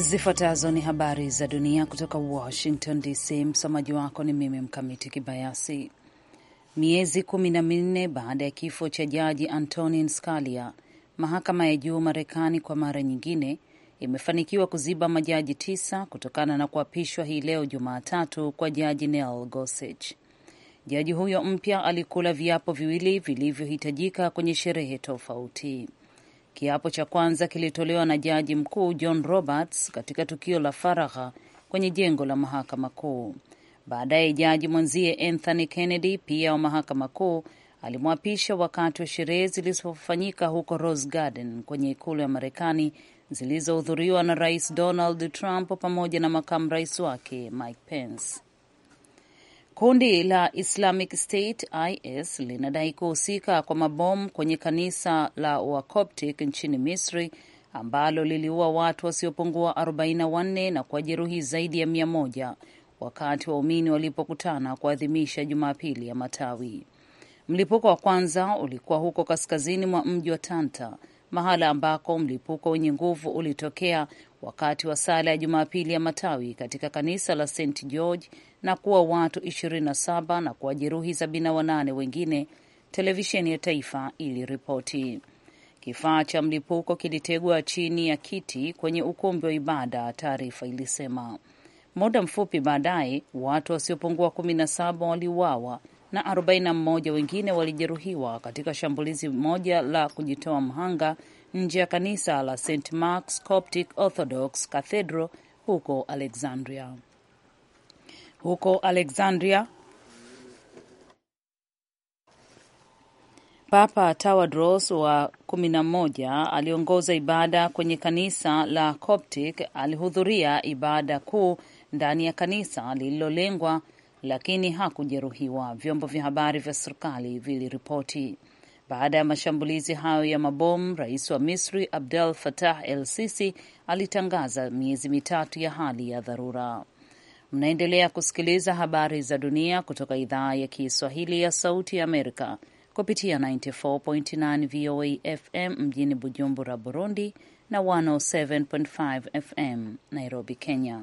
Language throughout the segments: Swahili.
Zifuatazo ni habari za dunia kutoka Washington DC. Msomaji wako ni mimi Mkamiti Kibayasi. Miezi kumi na minne baada ya kifo cha jaji Antonin Scalia, mahakama ya juu Marekani kwa mara nyingine imefanikiwa kuziba majaji tisa kutokana na kuapishwa hii leo Jumatatu kwa jaji Neil Gorsuch. Jaji huyo mpya alikula viapo viwili vilivyohitajika kwenye sherehe tofauti. Kiapo cha kwanza kilitolewa na jaji mkuu John Roberts katika tukio la faragha kwenye jengo la mahakama kuu. Baadaye jaji mwenzie Anthony Kennedy, pia wa mahakama kuu, alimwapisha wakati wa sherehe zilizofanyika huko Rose Garden kwenye ikulu ya Marekani zilizohudhuriwa na Rais Donald Trump pamoja na makamu rais wake Mike Pence. Kundi la Islamic State IS linadai kuhusika kwa mabomu kwenye kanisa la wacoptic nchini Misri ambalo liliua watu wasiopungua 44 na kuwajeruhi zaidi ya 1 wakati waumini walipokutana kuadhimisha Jumapili ya Matawi. Mlipuko wa kwanza ulikuwa huko kaskazini mwa mji wa Tanta, mahala ambako mlipuko wenye nguvu ulitokea wakati wa sala ya Jumapili ya Matawi katika kanisa la St George na kuwa watu 27 na kuwajeruhi 78 wengine, televisheni ya taifa iliripoti. Kifaa cha mlipuko kilitegwa chini ya kiti kwenye ukumbi wa ibada, taarifa ilisema. Muda mfupi baadaye watu wasiopungua 17 waliuawa na 41 wengine walijeruhiwa katika shambulizi moja la kujitoa mhanga nje ya kanisa la St Mark's Coptic Orthodox Cathedral huko Alexandria huko Alexandria. Papa Tawadros wa 11 aliongoza ibada kwenye kanisa la Coptic. Alihudhuria ibada kuu ndani ya kanisa lililolengwa, lakini hakujeruhiwa, vyombo vya habari vya serikali viliripoti. Baada ya mashambulizi hayo ya mabomu, rais wa Misri Abdel Fattah el Sisi alitangaza miezi mitatu ya hali ya dharura. Mnaendelea kusikiliza habari za dunia kutoka idhaa ya Kiswahili ya Sauti ya Amerika kupitia 94.9 VOA FM mjini Bujumbura, Burundi na 107.5 FM Nairobi, Kenya.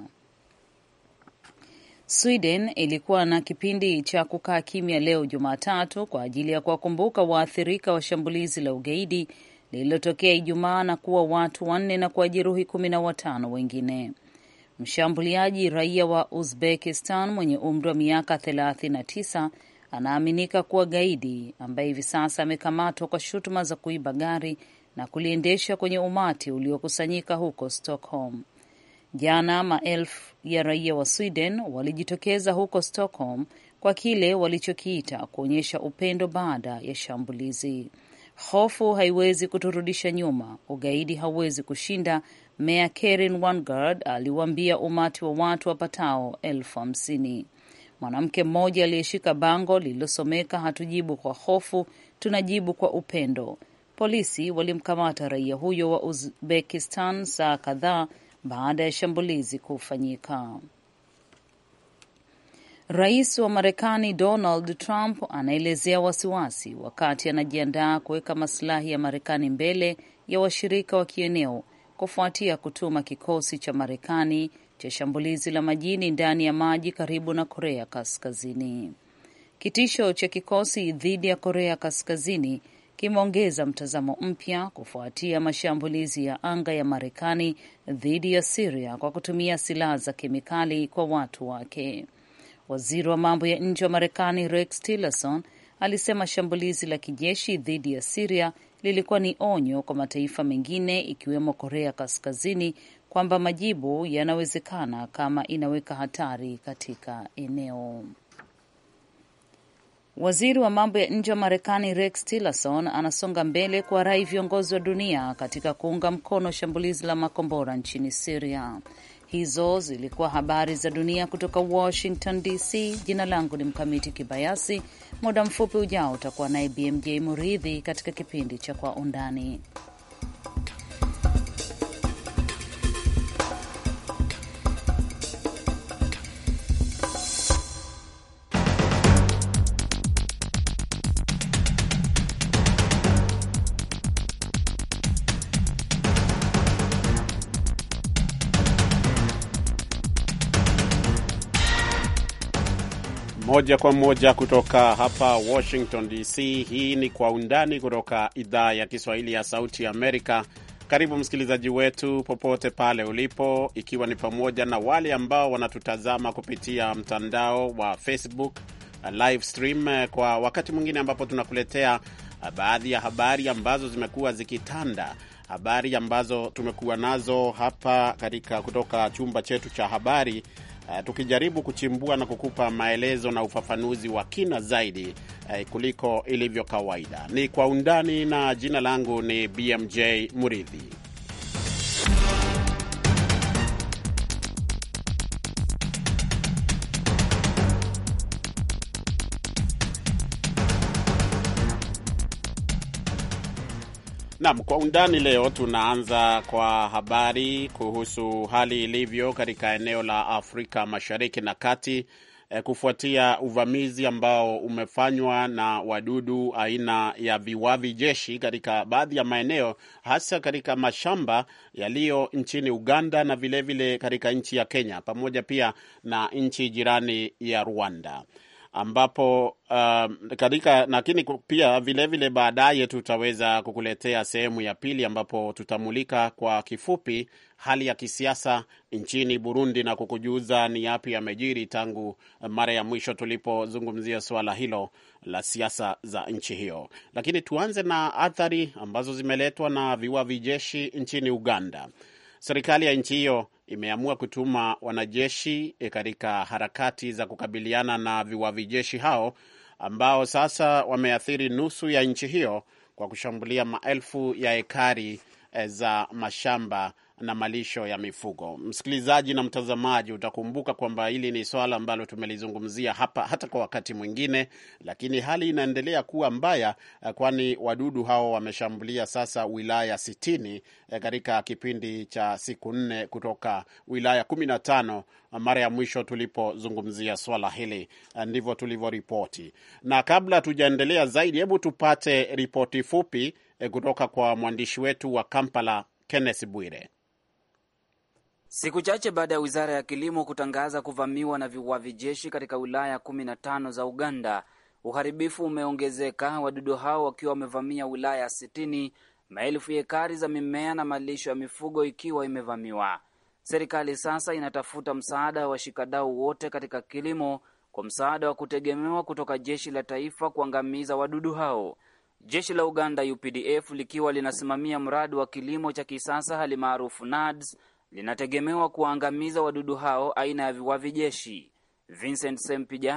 Sweden ilikuwa na kipindi cha kukaa kimya leo Jumatatu kwa ajili ya kuwakumbuka waathirika wa shambulizi la ugaidi lililotokea Ijumaa na kuwa watu wanne na kuwajeruhi kumi na watano wengine. Mshambuliaji raia wa Uzbekistan mwenye umri wa miaka 39 anaaminika kuwa gaidi ambaye hivi sasa amekamatwa kwa shutuma za kuiba gari na kuliendesha kwenye umati uliokusanyika huko Stockholm. Jana maelfu ya raia wa Sweden walijitokeza huko Stockholm kwa kile walichokiita kuonyesha upendo baada ya shambulizi. Hofu haiwezi kuturudisha nyuma, ugaidi hauwezi kushinda, Meya Karen Wangard aliwaambia umati wa watu wapatao elfu hamsini. Mwanamke mmoja aliyeshika bango lililosomeka hatujibu kwa hofu, tunajibu kwa upendo. Polisi walimkamata raia huyo wa Uzbekistan saa kadhaa baada ya shambulizi kufanyika. Rais wa Marekani Donald Trump anaelezea wasiwasi wakati anajiandaa kuweka masilahi ya Marekani mbele ya washirika wa kieneo kufuatia kutuma kikosi cha Marekani cha shambulizi la majini ndani ya maji karibu na Korea Kaskazini. Kitisho cha kikosi dhidi ya Korea Kaskazini kimeongeza mtazamo mpya kufuatia mashambulizi ya anga ya Marekani dhidi ya Siria kwa kutumia silaha za kemikali kwa watu wake. Waziri wa mambo ya nje wa Marekani Rex Tillerson alisema shambulizi la kijeshi dhidi ya Siria lilikuwa ni onyo kwa mataifa mengine ikiwemo Korea Kaskazini kwamba majibu yanawezekana kama inaweka hatari katika eneo. Waziri wa mambo ya nje wa Marekani Rex Tillerson anasonga mbele rai viongozi wa dunia katika kuunga mkono shambulizi la makombora nchini Siria hizo zilikuwa habari za dunia kutoka Washington DC. Jina langu ni Mkamiti Kibayasi. Muda mfupi ujao utakuwa naye BMJ Muridhi katika kipindi cha Kwa Undani. moja kwa moja kutoka hapa Washington DC. Hii ni Kwa Undani kutoka idhaa ya Kiswahili ya Sauti ya Amerika. Karibu msikilizaji wetu popote pale ulipo, ikiwa ni pamoja na wale ambao wanatutazama kupitia mtandao wa Facebook uh, live stream, uh, kwa wakati mwingine ambapo tunakuletea uh, baadhi ya habari ambazo zimekuwa zikitanda, habari ambazo tumekuwa nazo hapa katika kutoka chumba chetu cha habari uh, tukijaribu kuchimbua na kukupa maelezo na ufafanuzi wa kina zaidi uh, kuliko ilivyo kawaida. Ni kwa undani na jina langu ni BMJ Muridhi. Naam, kwa undani leo tunaanza kwa habari kuhusu hali ilivyo katika eneo la Afrika Mashariki na Kati eh, kufuatia uvamizi ambao umefanywa na wadudu aina ya viwavi jeshi katika baadhi ya maeneo hasa katika mashamba yaliyo nchini Uganda na vilevile katika nchi ya Kenya pamoja pia na nchi jirani ya Rwanda ambapo uh, katika lakini pia vilevile baadaye tutaweza kukuletea sehemu ya pili ambapo tutamulika kwa kifupi hali ya kisiasa nchini Burundi na kukujuza ni yapi yamejiri tangu mara ya mwisho tulipozungumzia suala hilo la siasa za nchi hiyo. Lakini tuanze na athari ambazo zimeletwa na viwavi jeshi nchini Uganda. Serikali ya nchi hiyo imeamua kutuma wanajeshi eh, katika harakati za kukabiliana na viwavijeshi hao ambao sasa wameathiri nusu ya nchi hiyo kwa kushambulia maelfu ya ekari eh, za mashamba na malisho ya mifugo. Msikilizaji na mtazamaji, utakumbuka kwamba hili ni swala ambalo tumelizungumzia hapa hata kwa wakati mwingine, lakini hali inaendelea kuwa mbaya, eh, kwani wadudu hao wameshambulia sasa wilaya sitini eh, katika kipindi cha siku nne kutoka wilaya kumi na tano eh, mara ya mwisho tulipozungumzia swala hili, ndivyo tulivyoripoti. Na kabla tujaendelea zaidi, hebu tupate ripoti fupi kutoka kwa mwandishi wetu wa Kampala, Kenneth Bwire. Siku chache baada ya wizara ya kilimo kutangaza kuvamiwa na viwavi jeshi katika wilaya 15 za Uganda, uharibifu umeongezeka, wadudu hao wakiwa wamevamia wilaya 60, maelfu ya ekari za mimea na malisho ya mifugo ikiwa imevamiwa. Serikali sasa inatafuta msaada wa washikadau wote katika kilimo kwa msaada wa kutegemewa kutoka jeshi la taifa kuangamiza wadudu hao. Jeshi la Uganda UPDF likiwa linasimamia mradi wa kilimo cha kisasa halimaarufu NADS linategemewa kuwaangamiza wadudu hao aina ya viwavi jeshi Vincent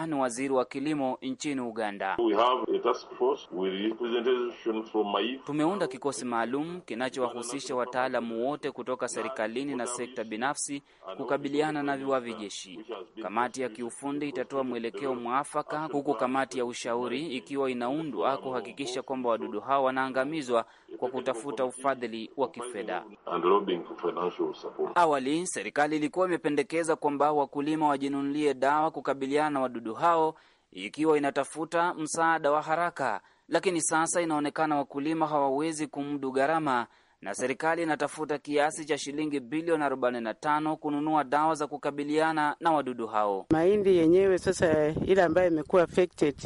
ni waziri wa kilimo nchini Uganda. We have a task force with representation from tumeunda kikosi maalum kinachowahusisha wataalamu wote kutoka serikalini na sekta binafsi kukabiliana na viwavi jeshi. Kamati ya kiufundi itatoa mwelekeo mwafaka, huku kamati ya ushauri ikiwa inaundwa kuhakikisha kwamba wadudu hao wanaangamizwa kwa kutafuta ufadhili wa kifedha. Awali serikali ilikuwa imependekeza kwamba wakulima wajinunulie dawa dawa kukabiliana na wadudu hao ikiwa inatafuta msaada wa haraka, lakini sasa inaonekana wakulima hawawezi kumudu gharama na serikali inatafuta kiasi cha shilingi bilioni 45 kununua dawa za kukabiliana na wadudu hao. Mahindi yenyewe sasa eh, ile ambayo imekuwa affected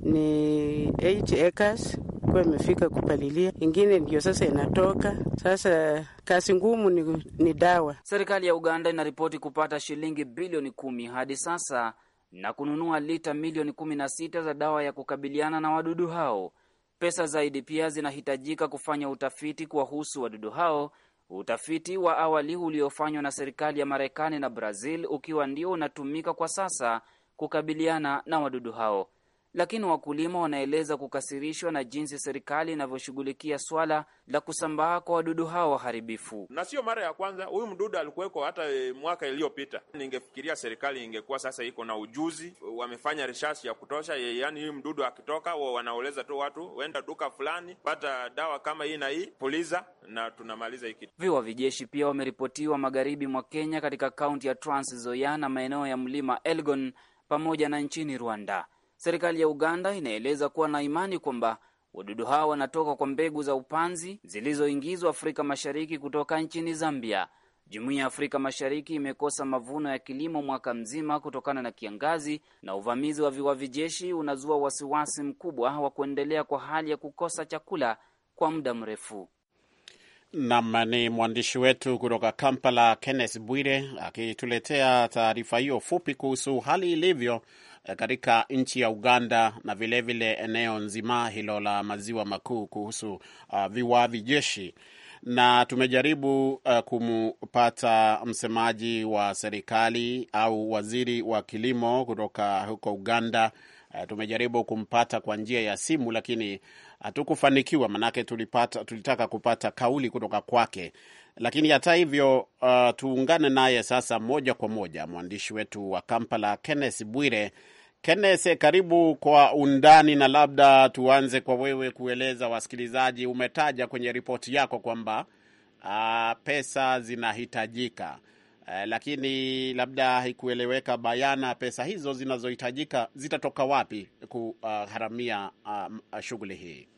ni 8 acres ilikuwa imefika kupalilia, ingine ndio sasa inatoka. Sasa kazi ngumu ni, ni dawa. Serikali ya Uganda inaripoti kupata shilingi bilioni kumi hadi sasa na kununua lita milioni kumi na sita za dawa ya kukabiliana na wadudu hao. Pesa zaidi pia zinahitajika kufanya utafiti kuwahusu wadudu hao, utafiti wa awali uliofanywa na serikali ya Marekani na Brazil ukiwa ndio unatumika kwa sasa kukabiliana na wadudu hao lakini wakulima wanaeleza kukasirishwa na jinsi serikali inavyoshughulikia swala la kusambaa kwa wadudu hao waharibifu. Na sio mara ya kwanza, huyu mdudu alikuweko hata e, mwaka iliyopita. Ningefikiria serikali ingekuwa sasa iko na ujuzi, wamefanya research ya kutosha, yaani huyu mdudu akitoka wanaoleza tu watu wenda duka fulani, pata dawa kama hii na hii, puliza na tunamaliza hiki. Viwa vijeshi pia wameripotiwa magharibi mwa Kenya katika kaunti ya Trans Nzoia na maeneo ya mlima Elgon pamoja na nchini Rwanda. Serikali ya Uganda inaeleza kuwa na imani kwamba wadudu hao wanatoka kwa mbegu za upanzi zilizoingizwa Afrika Mashariki kutoka nchini Zambia. Jumuiya ya Afrika Mashariki imekosa mavuno ya kilimo mwaka mzima kutokana na kiangazi, na uvamizi wa viwavi jeshi unazua wasiwasi mkubwa wa kuendelea kwa hali ya kukosa chakula kwa muda mrefu. Nam ni mwandishi wetu kutoka Kampala, Kenneth Bwire akituletea taarifa hiyo fupi kuhusu hali ilivyo eh, katika nchi ya Uganda na vilevile vile eneo nzima hilo la maziwa makuu kuhusu uh, ah, viwavi jeshi na tumejaribu uh, eh, kumpata msemaji wa serikali au waziri wa kilimo kutoka huko Uganda Eh, tumejaribu kumpata kwa njia ya simu lakini hatukufanikiwa, manake tulipata, tulitaka kupata kauli kutoka kwake. Lakini hata hivyo, uh, tuungane naye sasa moja kwa moja, mwandishi wetu wa Kampala Kenneth Bwire. Kenneth, karibu kwa undani, na labda tuanze kwa wewe kueleza wasikilizaji, umetaja kwenye ripoti yako kwamba uh, pesa zinahitajika eh, lakini labda haikueleweka bayana pesa hizo zinazohitajika zitatoka wapi kuharamia um, uh, shughuli hii.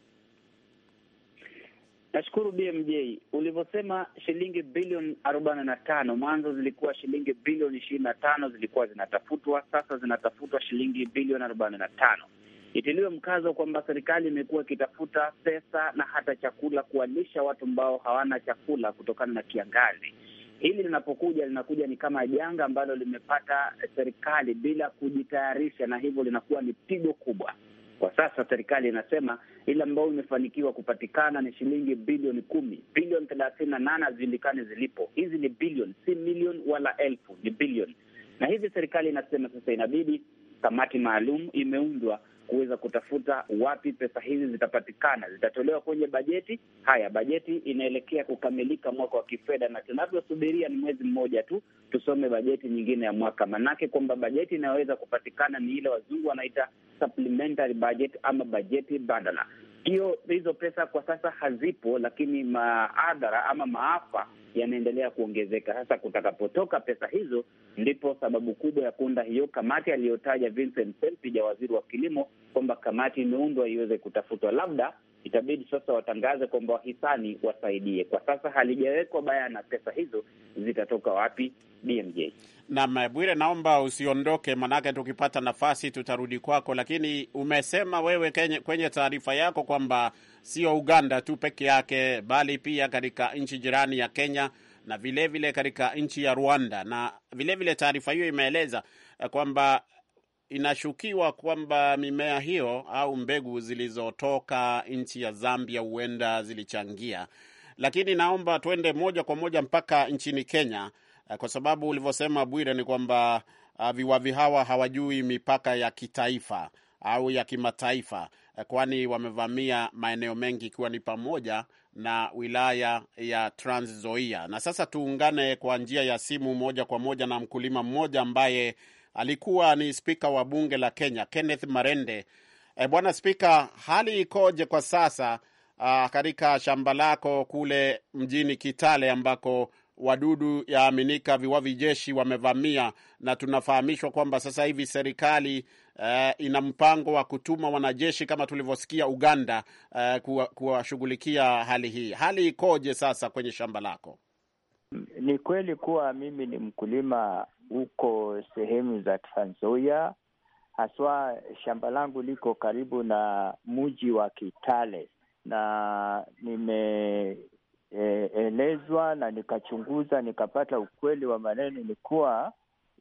Nashukuru BMJ, ulivyosema shilingi bilioni arobaini na tano mwanzo zilikuwa shilingi bilioni ishirini na tano zilikuwa zinatafutwa, sasa zinatafutwa shilingi bilioni arobaini na tano Itiliwe mkazo kwamba serikali imekuwa ikitafuta pesa na hata chakula kuwalisha watu ambao hawana chakula kutokana na kiangazi hili linapokuja linakuja ni kama janga ambalo limepata serikali bila kujitayarisha, na hivyo linakuwa ni pigo kubwa. Kwa sasa serikali inasema ile ambayo imefanikiwa kupatikana ni shilingi bilioni kumi, bilioni thelathini na nane hazijulikani zilipo. Hizi ni bilioni, si milioni wala elfu, ni bilioni. Na hivi serikali inasema sasa inabidi kamati maalum imeundwa kuweza kutafuta wapi pesa hizi zitapatikana, zitatolewa kwenye bajeti. Haya, bajeti inaelekea kukamilika mwaka wa kifedha, na tunavyosubiria ni mwezi mmoja tu tusome bajeti nyingine ya mwaka, manake kwamba bajeti inayoweza kupatikana ni ile wazungu wanaita supplementary budget ama bajeti badala. Hiyo hizo pesa kwa sasa hazipo, lakini maadhara ama maafa yanaendelea kuongezeka. Sasa kutakapotoka pesa hizo, ndipo sababu kubwa ya kuunda hiyo kamati aliyotaja Vincent Sempija, waziri wa kilimo, kwamba kamati imeundwa iweze kutafutwa. Labda itabidi sasa watangaze kwamba wahisani wasaidie. Kwa sasa halijawekwa bayana pesa hizo zitatoka wapi, BMJ. Naam, Bwire, naomba usiondoke, manake tukipata nafasi tutarudi kwako, lakini umesema wewe kenye, kwenye taarifa yako kwamba sio Uganda tu peke yake bali pia katika nchi jirani ya Kenya na vilevile katika nchi ya Rwanda, na vilevile taarifa hiyo imeeleza eh, kwamba inashukiwa kwamba mimea hiyo au mbegu zilizotoka nchi ya Zambia huenda zilichangia. Lakini naomba tuende moja kwa moja mpaka nchini Kenya Eh, kwa sababu ulivyosema Bwire ni kwamba uh, viwavi hawa hawajui mipaka ya kitaifa au ya kimataifa, eh, kwani wamevamia maeneo mengi ikiwa ni pamoja na wilaya ya Trans Nzoia. Na sasa tuungane kwa njia ya simu moja kwa moja na mkulima mmoja ambaye alikuwa ni spika wa bunge la Kenya, Kenneth Marende. E, bwana spika, hali ikoje kwa sasa ah, katika shamba lako kule mjini Kitale ambako wadudu yaaminika viwavi jeshi wamevamia, na tunafahamishwa kwamba sasa hivi serikali Uh, ina mpango wa kutuma wanajeshi kama tulivyosikia Uganda, uh, kuwashughulikia hali hii. Hali ikoje sasa kwenye shamba lako? Ni kweli kuwa mimi ni mkulima huko sehemu za Tanzania, haswa shamba langu liko karibu na mji wa Kitale, na nime e, elezwa na nikachunguza nikapata ukweli wa maneno ni kuwa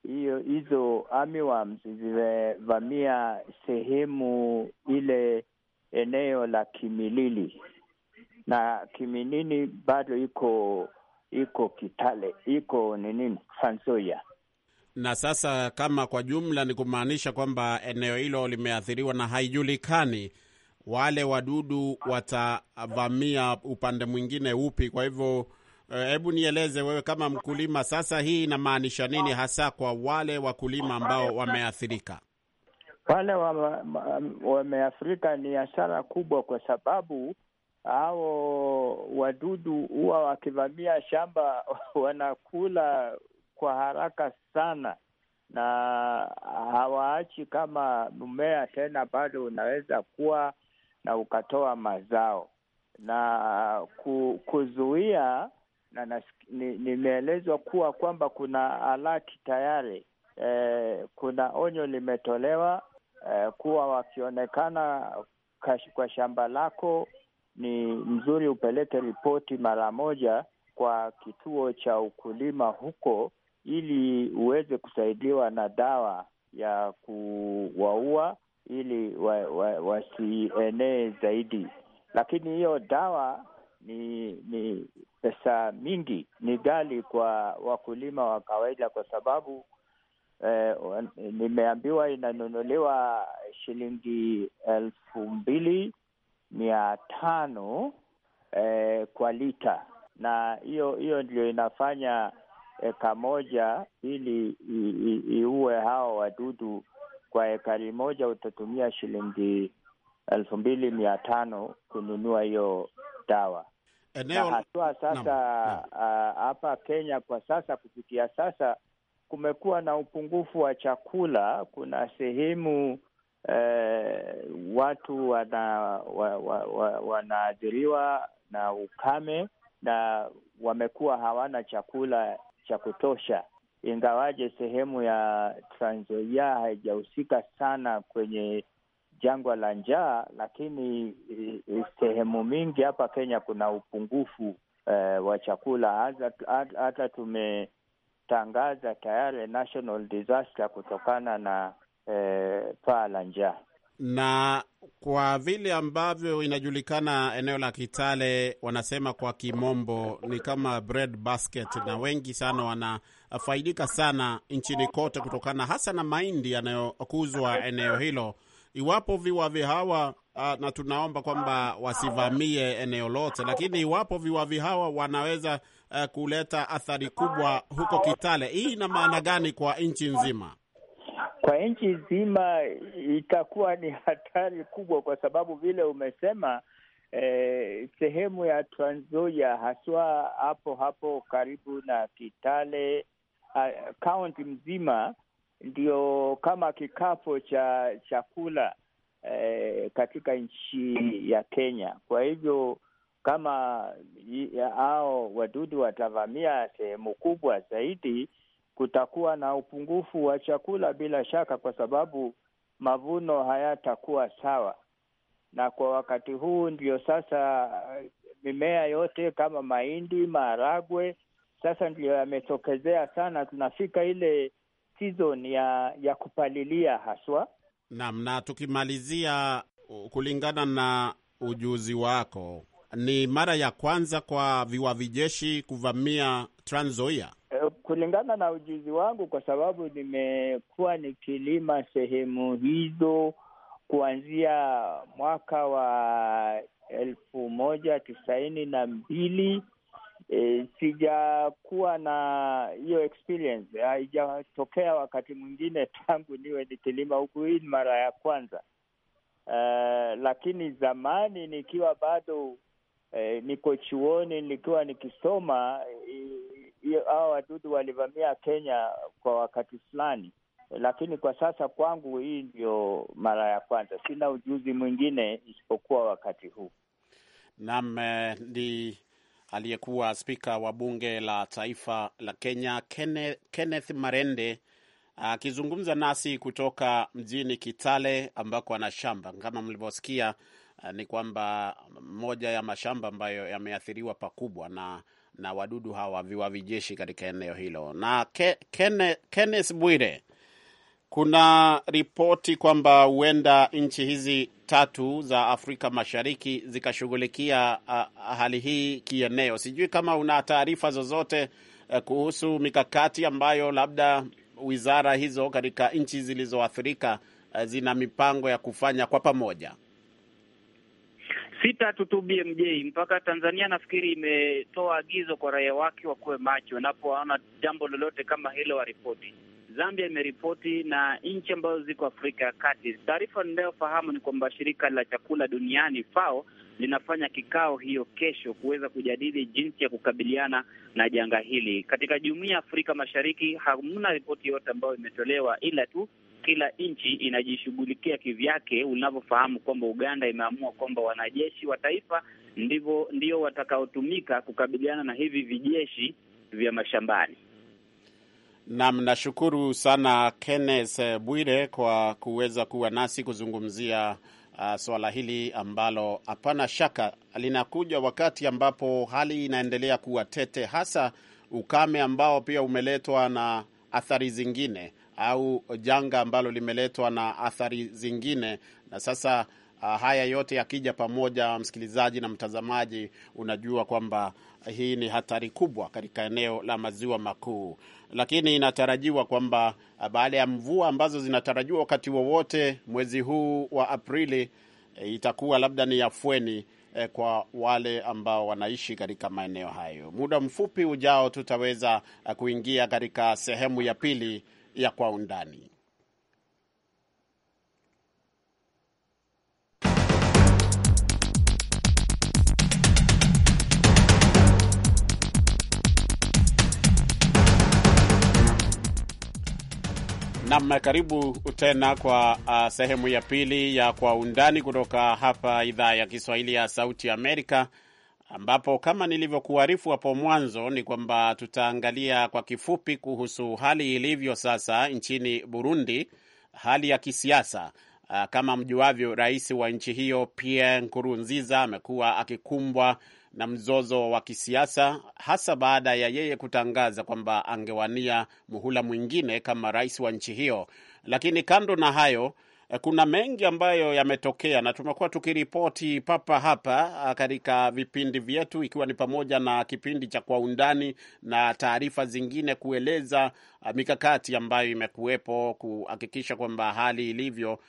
hiyo hizo armyworms zimevamia sehemu ile eneo la Kimilili na Kimilili bado iko iko Kitale iko nini Fansoya. Na sasa kama kwa jumla ni kumaanisha kwamba eneo hilo limeathiriwa na haijulikani wale wadudu watavamia upande mwingine upi? Kwa hivyo eh, hebu nieleze wewe kama mkulima sasa, hii inamaanisha nini hasa kwa wale wakulima ambao wameathirika? Wale wameathirika wa ni hasara kubwa, kwa sababu hao wadudu huwa wakivamia shamba wanakula kwa haraka sana, na hawaachi kama mmea tena bado unaweza kuwa na ukatoa mazao na ku, kuzuia na nimeelezwa ni kuwa kwamba kuna alati tayari eh, kuna onyo limetolewa eh, kuwa wakionekana kwa shamba lako ni mzuri upeleke ripoti mara moja kwa kituo cha ukulima huko, ili uweze kusaidiwa na dawa ya kuwaua ili wasienee wa, wa zaidi. Lakini hiyo dawa ni ni pesa mingi, ni ghali kwa wakulima wa kawaida, kwa sababu eh, nimeambiwa inanunuliwa shilingi elfu mbili mia tano eh, kwa lita, na hiyo hiyo ndio inafanya eka moja ili iue hao wadudu kwa ekari moja utatumia shilingi elfu mbili mia tano kununua hiyo dawa. Eneo... na hatua sasa hapa Kenya kwa sasa, kufikia sasa kumekuwa na upungufu wa chakula. Kuna sehemu eh, watu wanaathiriwa wa, wa, wa na ukame na wamekuwa hawana chakula cha kutosha ingawaje sehemu ya Trans Nzoia haijahusika sana kwenye jangwa la njaa, lakini eh, eh, sehemu mingi hapa Kenya kuna upungufu eh, wa chakula. Hata tumetangaza tayari national disaster kutokana na eh, paa la njaa na kwa vile ambavyo inajulikana eneo la Kitale, wanasema kwa kimombo ni kama bread basket, na wengi sana wanafaidika sana nchini kote kutokana hasa na mahindi yanayokuzwa eneo hilo. Iwapo viwavi hawa ah, na tunaomba kwamba wasivamie eneo lote, lakini iwapo viwavi hawa wanaweza eh, kuleta athari kubwa huko Kitale, hii ina maana gani kwa nchi nzima? Kwa nchi nzima itakuwa ni hatari kubwa, kwa sababu vile umesema eh, sehemu ya Trans Nzoia haswa hapo hapo karibu na Kitale kaunti ah, uh, mzima ndio kama kikapo cha chakula eh, katika nchi ya Kenya. Kwa hivyo kama hao wadudu watavamia sehemu kubwa zaidi kutakuwa na upungufu wa chakula bila shaka, kwa sababu mavuno hayatakuwa sawa. Na kwa wakati huu ndio sasa eh, mimea yote kama mahindi, maharagwe sasa ndio yametokezea sana. Tunafika ile season ya ya kupalilia haswa. Naam, na tukimalizia, kulingana na ujuzi wako, ni mara ya kwanza kwa viwavi jeshi kuvamia Trans Nzoia? kulingana na ujuzi wangu, kwa sababu nimekuwa nikilima sehemu hizo kuanzia mwaka wa elfu moja tisaini na mbili. E, sijakuwa na hiyo experience, haijatokea wakati mwingine tangu niwe nikilima huku. Hii ni mara ya kwanza. Uh, lakini zamani nikiwa bado eh, niko chuoni nikiwa nikisoma eh, hao wadudu walivamia Kenya kwa wakati fulani, lakini kwa sasa kwangu hii ndio mara ya kwanza. Sina ujuzi mwingine isipokuwa wakati huu. Naam, eh, ni aliyekuwa spika wa bunge la taifa la Kenya Kenneth, Kenneth Marende akizungumza nasi kutoka mjini Kitale ambako ana shamba. Kama mlivyosikia, eh, ni kwamba moja ya mashamba ambayo yameathiriwa pakubwa na na wadudu hawa vijeshi katika eneo hilo. Na ke, kene, Kenneth Bwire, kuna ripoti kwamba huenda nchi hizi tatu za Afrika Mashariki zikashughulikia hali hii kieneo. Sijui kama una taarifa zozote a, eh, kuhusu mikakati ambayo labda wizara hizo katika nchi zilizoathirika eh, zina mipango ya kufanya kwa pamoja sita tutubie mjei mpaka Tanzania nafikiri imetoa agizo kwa raia wake wakuwe macho wanapoona jambo lolote kama hilo waripoti. Zambia imeripoti na nchi ambazo ziko Afrika ya Kati. Taarifa ninayofahamu ni kwamba shirika la chakula duniani FAO linafanya kikao hiyo kesho kuweza kujadili jinsi ya kukabiliana na janga hili. Katika jumuiya ya Afrika Mashariki hamna ripoti yote ambayo imetolewa, ila tu kila nchi inajishughulikia kivyake. Unavyofahamu kwamba Uganda imeamua kwamba wanajeshi wa taifa ndivyo ndio watakaotumika kukabiliana na hivi vijeshi vya mashambani. Nam, nashukuru sana Kenneth Bwire kwa kuweza kuwa nasi kuzungumzia uh, swala hili ambalo hapana shaka linakuja wakati ambapo hali inaendelea kuwa tete, hasa ukame ambao pia umeletwa na athari zingine au janga ambalo limeletwa na athari zingine. Na sasa uh, haya yote yakija pamoja, msikilizaji na mtazamaji, unajua kwamba hii ni hatari kubwa katika eneo la maziwa makuu, lakini inatarajiwa kwamba ah, baada ya mvua ambazo zinatarajiwa wakati wowote mwezi huu wa Aprili eh, itakuwa labda ni afueni eh, kwa wale ambao wanaishi katika maeneo hayo. Muda mfupi ujao tutaweza ah, kuingia katika sehemu ya pili ya Kwa Undani. Nam, karibu tena kwa uh, sehemu ya pili ya Kwa Undani kutoka hapa idhaa ya Kiswahili ya Sauti Amerika ambapo kama nilivyokuarifu hapo mwanzo ni kwamba tutaangalia kwa kifupi kuhusu hali ilivyo sasa nchini Burundi, hali ya kisiasa. Ah, kama mjuavyo, rais wa nchi hiyo Pierre Nkurunziza amekuwa akikumbwa na mzozo wa kisiasa hasa baada ya yeye kutangaza kwamba angewania muhula mwingine kama rais wa nchi hiyo. Lakini kando na hayo, Eh, kuna mengi ambayo yametokea na tumekuwa tukiripoti papa hapa eh, katika vipindi vyetu, ikiwa ni pamoja na kipindi cha Kwa Undani na taarifa zingine, kueleza eh, mikakati ambayo imekuwepo kuhakikisha kwamba hali ilivyo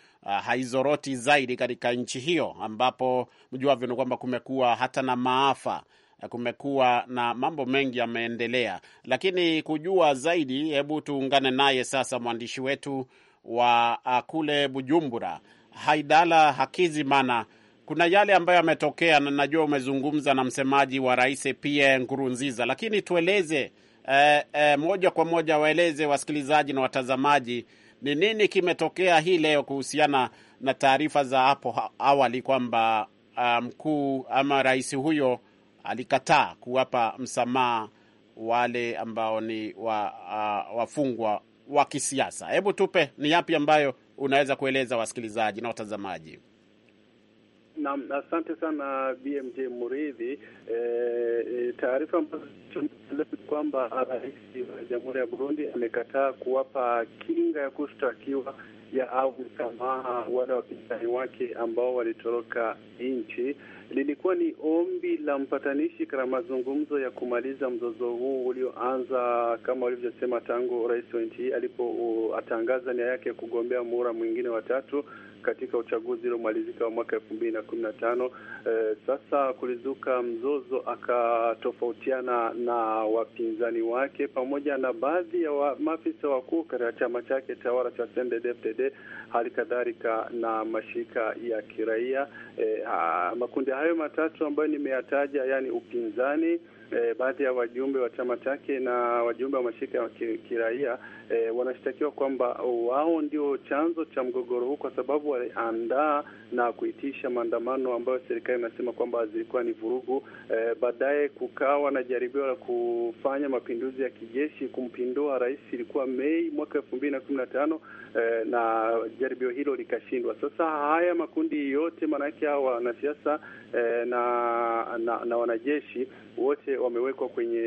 haizoroti zaidi katika nchi hiyo, ambapo mjuavyo ni kwamba kumekuwa hata na maafa kumekuwa na mambo mengi yameendelea, lakini kujua zaidi, hebu tuungane naye sasa mwandishi wetu wa kule Bujumbura, Haidala Hakizimana, kuna yale ambayo yametokea, na najua umezungumza na msemaji wa rais Pierre Nkurunziza, lakini tueleze eh, eh, moja kwa moja, waeleze wasikilizaji na watazamaji ni nini kimetokea hii leo kuhusiana na taarifa za hapo awali kwamba mkuu um, ama rais huyo alikataa kuwapa msamaha wale ambao ni wa, uh, wafungwa wa kisiasa. Hebu tupe ni yapi ambayo unaweza kueleza wasikilizaji na watazamaji? Naam, asante sana BMJ Muridhi. E, taarifa ambazo kwamba rais wa Jamhuri ya Burundi amekataa kuwapa kinga ya kushtakiwa ya au msamaha wale wapinzani wake ambao walitoroka nchi lilikuwa ni ombi la mpatanishi katika mazungumzo ya kumaliza mzozo huu ulioanza kama walivyosema tangu rais wa nchi hii alipo atangaza nia yake ya kugombea muhura mwingine watatu katika uchaguzi uliomalizika wa mwaka elfu mbili na kumi na tano. Eh, sasa kulizuka mzozo, akatofautiana na wapinzani wake pamoja na baadhi ya wa, maafisa wakuu katika chama chake tawala cha CNDD-FDD, hali kadhalika na mashirika ya kiraia eh, makundi hayo matatu ambayo nimeyataja, yani upinzani e, baadhi ya wajumbe wa chama chake na wajumbe wa mashirika ya kiraia e, wanashtakiwa kwamba wao ndio chanzo cha mgogoro huu, kwa sababu waliandaa na kuitisha maandamano ambayo serikali inasema kwamba zilikuwa ni vurugu. E, baadaye kukawa na jaribio la kufanya mapinduzi ya kijeshi kumpindua rais, ilikuwa Mei mwaka elfu mbili na kumi na tano e, na jaribio hilo likashindwa. Sasa haya makundi yote, maanake hawa wanasiasa e, na, na, na wanajeshi wote wamewekwa kwenye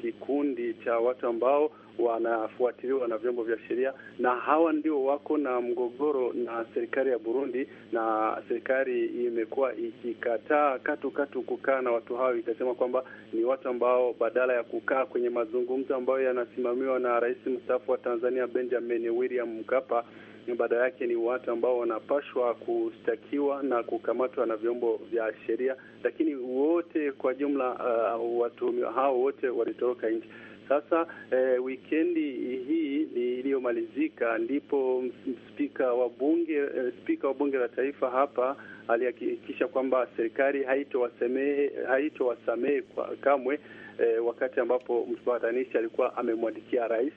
kikundi cha watu ambao wanafuatiliwa na vyombo vya sheria, na hawa ndio wako na mgogoro na serikali ya Burundi, na serikali imekuwa ikikataa katu katu kukaa na watu hao, ikasema kwamba ni watu ambao badala ya kukaa kwenye mazungumzo ambayo yanasimamiwa na rais mstaafu wa Tanzania Benjamin William Mkapa baada yake ni watu ambao wanapashwa kushtakiwa na kukamatwa na vyombo vya sheria, lakini wote kwa jumla uh, watuhumiwa hao wote walitoroka nchi. Sasa eh, wikendi hii iliyomalizika ndipo spika wa bunge eh, spika wa bunge la taifa hapa alihakikisha kwamba serikali haitowasamehe haitowasamehe kamwe e, wakati ambapo mpatanishi alikuwa amemwandikia rais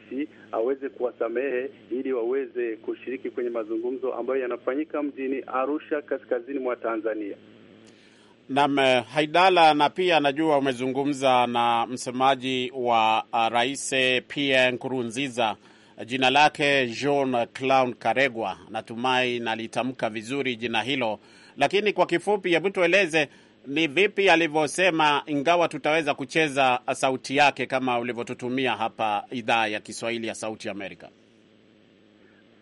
aweze kuwasamehe ili waweze kushiriki kwenye mazungumzo ambayo yanafanyika mjini Arusha kaskazini mwa Tanzania. Naam, eh, Haidala, na pia najua umezungumza na msemaji wa eh, rais Pierre Nkurunziza, jina lake Jean Claude Karegwa, natumai nalitamka vizuri jina hilo, lakini kwa kifupi, hebu tueleze ni vipi alivyosema, ingawa tutaweza kucheza sauti yake kama ulivyotutumia hapa idhaa ya Kiswahili ya Sauti Amerika.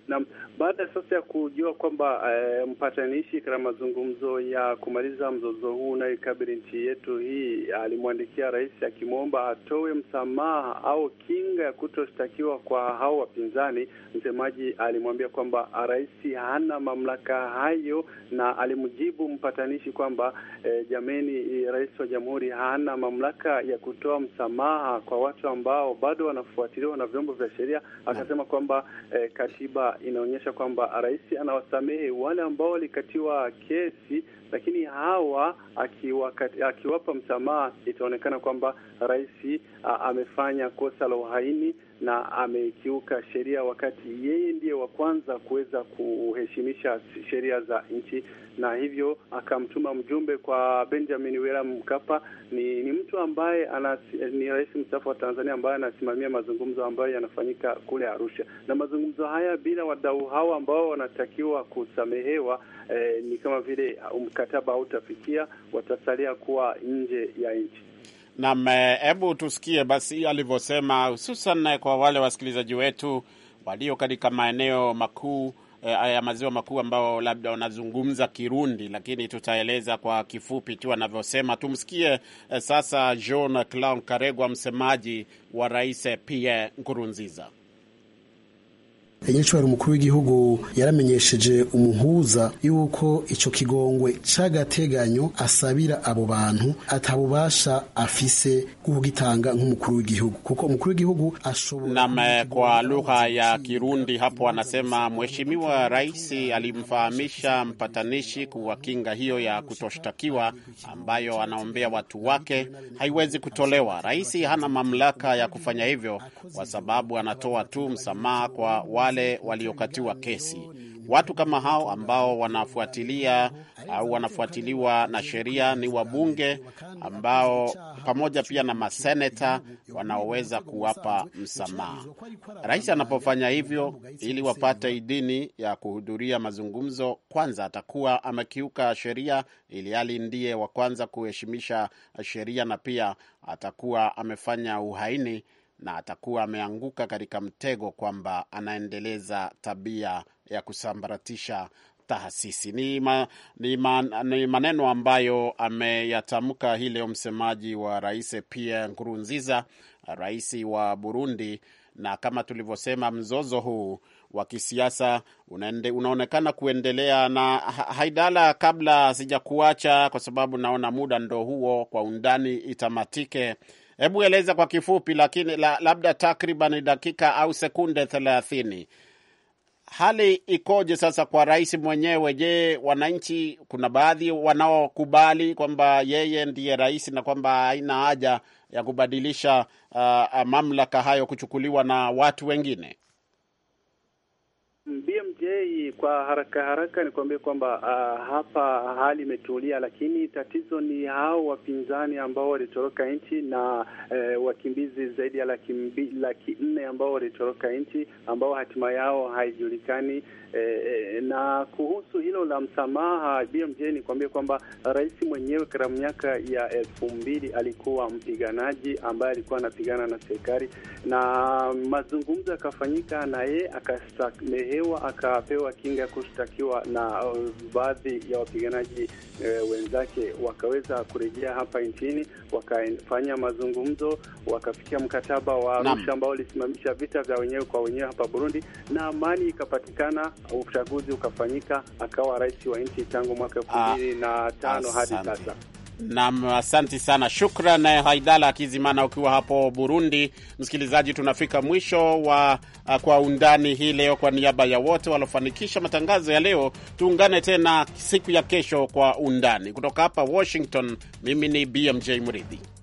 Naam baada sasa ya kujua kwamba e, mpatanishi katika mazungumzo ya kumaliza mzozo huu unayoikabili nchi yetu hii alimwandikia rais akimwomba atoe msamaha au kinga ya kutoshtakiwa kwa hao wapinzani. Msemaji alimwambia kwamba rais hana mamlaka hayo, na alimjibu mpatanishi kwamba e, jameni, rais wa jamhuri hana mamlaka ya kutoa msamaha kwa watu ambao bado wanafuatiliwa na vyombo vya sheria. Akasema kwamba e, katiba inaonyesha kuonyesha kwamba rais anawasamehe wale ambao walikatiwa kesi, lakini hawa akiwapa msamaha itaonekana kwamba rais amefanya kosa la uhaini na amekiuka sheria, wakati yeye ndiye wa kwanza kuweza kuheshimisha sheria za nchi, na hivyo akamtuma mjumbe kwa Benjamin William Mkapa. Ni, ni mtu ambaye ni rais mstaafu wa Tanzania ambaye anasimamia mazungumzo ambayo yanafanyika kule Arusha, na mazungumzo haya bila wadau hawa ambao wanatakiwa kusamehewa eh, ni kama vile mkataba hautafikia, watasalia kuwa nje ya nchi. Nam, eh, hebu tusikie basi alivyosema, hususan eh, kwa wale wasikilizaji wetu walio katika maeneo makuu eh, ya maziwa makuu ambao labda wanazungumza Kirundi, lakini tutaeleza kwa kifupi tu anavyosema. Tumsikie sasa Jean Claude Karegwa, msemaji wa Rais Pierre Nkurunziza nyirishoboye umukuru w'igihugu yaramenyesheje umuhuza yuko icho kigongwe cy'agateganyo asabira abo bantu atabubasha afise kugitanga nk'umukuru w'igihugu kuko umukuru w'igihugu ashobora nam kwa lugha ya Kirundi hapo anasema mheshimiwa rais alimfahamisha mpatanishi kuwa kinga hiyo ya kutoshtakiwa ambayo anaombea watu wake haiwezi kutolewa. Rais hana mamlaka ya kufanya hivyo kwa sababu anatoa tu msamaha kwa wale wale waliokatiwa kesi. Watu kama hao ambao wanafuatilia au wanafuatiliwa na sheria ni wabunge ambao pamoja pia na maseneta wanaoweza kuwapa msamaha. Rais anapofanya hivyo, ili wapate idhini ya kuhudhuria mazungumzo, kwanza atakuwa amekiuka sheria, ili hali ndiye wa kwanza kuheshimisha sheria, na pia atakuwa amefanya uhaini na atakuwa ameanguka katika mtego kwamba anaendeleza tabia ya kusambaratisha taasisi. Ni, ma, ni, ma, ni maneno ambayo ameyatamka hii leo msemaji wa rais Pierre Nkurunziza, rais wa Burundi. Na kama tulivyosema, mzozo huu wa kisiasa unaende, unaonekana kuendelea. Na Haidala, kabla sijakuacha, kwa sababu naona muda ndo huo, kwa undani itamatike Hebu eleza kwa kifupi, lakini la, labda takriban dakika au sekunde thelathini. Hali ikoje sasa kwa rais mwenyewe? Je, wananchi, kuna baadhi wanaokubali kwamba yeye ndiye rais na kwamba haina haja ya kubadilisha uh, mamlaka hayo kuchukuliwa na watu wengine? BMJ, kwa haraka haraka kuambia kwamba uh, hapa hali imetulia, lakini tatizo ni hao wapinzani ambao walitoroka nchi na uh, wakimbizi zaidi ya laki, laki nne ambao walitoroka nchi ambao hatima yao haijulikani. E, na kuhusu hilo la msamaha BMJ, kuambia kwamba rais mwenyewe katika miaka ya elfu mbili alikuwa mpiganaji ambaye alikuwa anapigana na serikali, na mazungumzo yakafanyika ye akasamehewa, akapewa kinga ya kushtakiwa, na uh, baadhi ya wapiganaji e, wenzake wakaweza kurejea hapa nchini, wakafanya mazungumzo, wakafikia mkataba wa Arusha ambao ulisimamisha vita vya wenyewe kwa wenyewe hapa Burundi, na amani ikapatikana uchaguzi ukafanyika, akawa rais wa nchi tangu mwaka elfu ah, mbili na tano hadi sasa. Nam, asante sana, shukran eh, Haidala Akizimana ukiwa hapo Burundi. Msikilizaji, tunafika mwisho wa ah, Kwa Undani hii leo. Kwa niaba ya wote waliofanikisha matangazo ya leo, tuungane tena siku ya kesho kwa Undani kutoka hapa Washington. Mimi ni BMJ Mridhi.